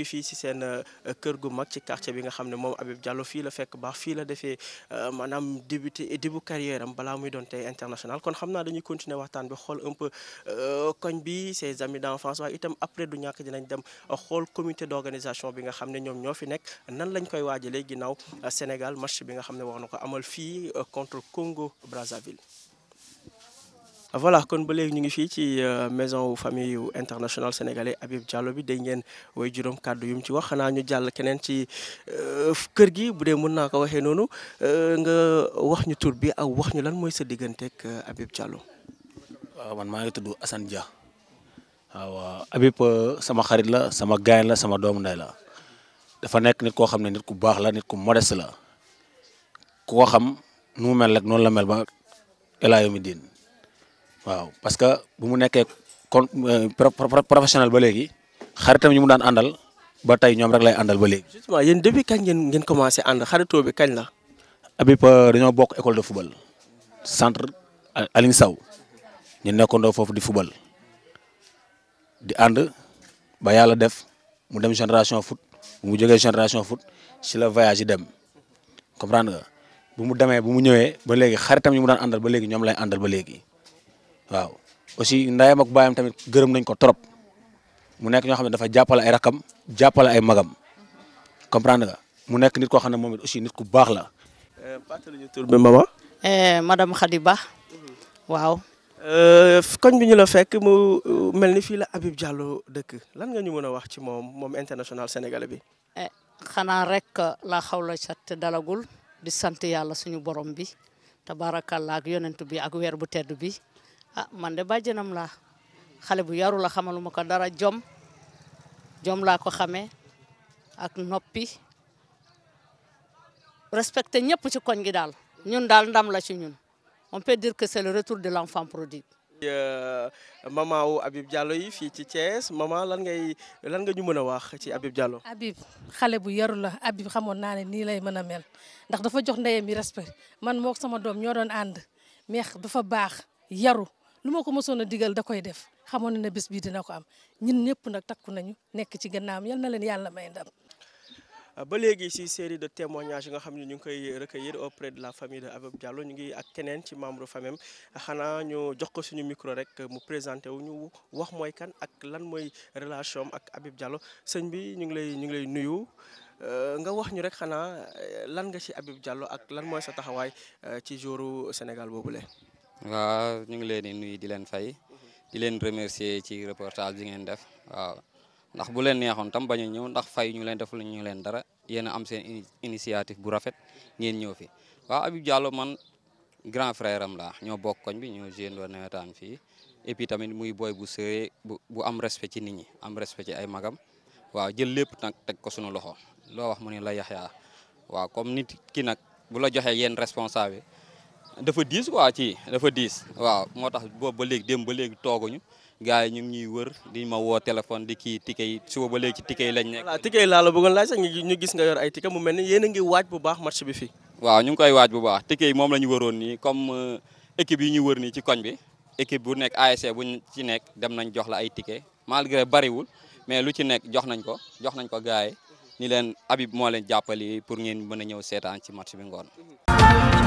ngi fii si seen euh, kër gu mag ci quartier bi nga xam ne moom Habib Diallo fii la fekk baax fii la defee euh, maanaam débuté début carrière am balaa muy doon te international kon xam naa dañuy continuer waxtaan bi xool un peu euh, koñ bi ses amis d'enfance waaye itam après du ñàkk dinañ dem xool comité d'organisation bi nga xam ne ñoom ñoo fi nekk nan lañ koy waajalee ginnaaw Sénégal marché bi nga xam ne war na ko amal fii contre Congo Brazzaville voilà kon ba léegi ñu ngi fii ci euh, maison famille yu international sénégalais Habib Diallo bi dégg ngeen way juróom kàddu yu mu ci wax xanaa ñu jàll keneen ci euh, kër gi bu dee mën naa ko waxee noonu euh, nga wax ñu tur bi ak wax ñu lan mooy sa digganteeg Habib Diallo. waaw man maa ngi tudd assan Dia waaw Habib sama xarit la sama gaay la sama doomu ndey la dafa nekk nit koo xam ne nit ku baax la nit ku modeste la ku xam nu mu mel rek noonu la mel ba El Hadj Omidine waaw parce que bu mu nekkee kon euh, professionnel ba léegi xaritam ñu mu daan àndal ba tey ñoom rek lay àndal ba léegi. justement yéen depuis kañ ngeen ngeen commencé ànd xaritoo bi kañ la. Habib euh, dañoo bokk école de football centre euh, Aline saw ñu nekkandoo foofu di football di ànd ba yàlla def mu dem génération foot mu jógee génération foot ci la voyage yi dem comprendre nga bu mu demee bu mu ñëwee ba léegi xaritam ñu mu daan àndal ba léegi ñoom lay àndal ba léegi. waaw aussi ndayam ak baayam tamit gërëm nañ ko trop mu nekk ñoo xam ne dafa jàppale ay rakam jàppale ay magam comprendre nga mu nekk nit koo xam ne moom it aussi nit ku baax la. Euh, fàttali ñu tur bi mama. Euh, madame Khady Ba mhm. waaw. Euh, koñ bi ñu la fekk mu mel ni fii la Habib Diallo dëkk lan nga ñu mën a wax ci moom moom international sénégalais bi. Eh, xanaa rek laa xaw la sat dalagul di sant yàlla suñu borom bi tabaarakàllaa ak yonent bi ak weer bu tedd bi. ah man de bajanam la xale bu yaru xamaluma ko dara jom jom la ko xame ak noppi respecté ñepp ci koñ gi dal ñun dal ndam la ci ñun on peut dire que c'est le retour de l'enfant prodigue euh, maman wu abib Diallo yi fi ci Thiès maman lan ngay lan nga ñu mëna wax ci abib Diallo. abib xalé bu yaru la abib xamone ni lay mëna mel ndax dafa jox ndeyam yi respect man mok sama dom ño doon and mex dafa bax yaru lu ma ko mosoon a digal da koy def xamoon na ne bés bii dina ko am ñun ñëpp nag takku nañu nekk ci gannaawam yal na leen yàlla may ndam. ba léegi ci série de témoignages yi nga xam ne ñu ngi koy rek recueillir auprès de la famille de Habib Diallo ñu ngi ak keneen ci membre famem xanaa ñu jox ko suñu micro rek mu présenté wu ñu wax mooy kan ak lan mooy relation am ak Habib Diallo sëñ bi ñu ngi lay ñu ngi lay nuyu euh, nga wax ñu rek xanaa lan nga ci Habib jàllo ak lan mooy sa taxawaay euh, ci jouru Sénégal boobule. waaw ñu ngi leen di nuyu di leen fay di leen remercier ci reportage bi ngeen def waaw ndax bu leen neexoon tam bañ a ñëw ndax fay ñu leen def lu ñu leen dara yéen am seen initiative bu rafet ngeen ñëw fi waaw Habib Diallo man grand frère am laa ñoo bokk koñ bi ñoo géndoo nawetaan fii et puis tamit muy booy bu sëree bu am respect ci nit ñi am respect ci ay magam waaw jël lépp nag teg ko suñu loxo loo wax mu ne la yaxyaa waaw comme nit ki nag bu la joxee responsable dafa diis quoi ci dafa diis waaw moo tax boobu ba léegi dem ba léegi tooguñu gars yi ñu ngi ñuy wër di ma woo téléphone di kii ticket yi suba ba léegi ci ticket yi lañ nekk. voilà ticket yi laa la bëggoon sax ñu gis nga yor ay ticket mu mel ni yéen a ngi waaj bu baax match bi fii. waaw ñu ngi koy waaj bu baax ticket yi moom la ñu waroon nii comme euh, équipe yi ñu wër nii ci koñ bi équipe bu nekk ASC bu ci nekk dem nañ jox la ay ticket malgré bariwul mais lu ci nekk jox nañ ko jox nañ ko gars yi ni leen Habib moo leen jàppali pour ngeen mën a ñëw seetaan ci match bi ngoon mhm.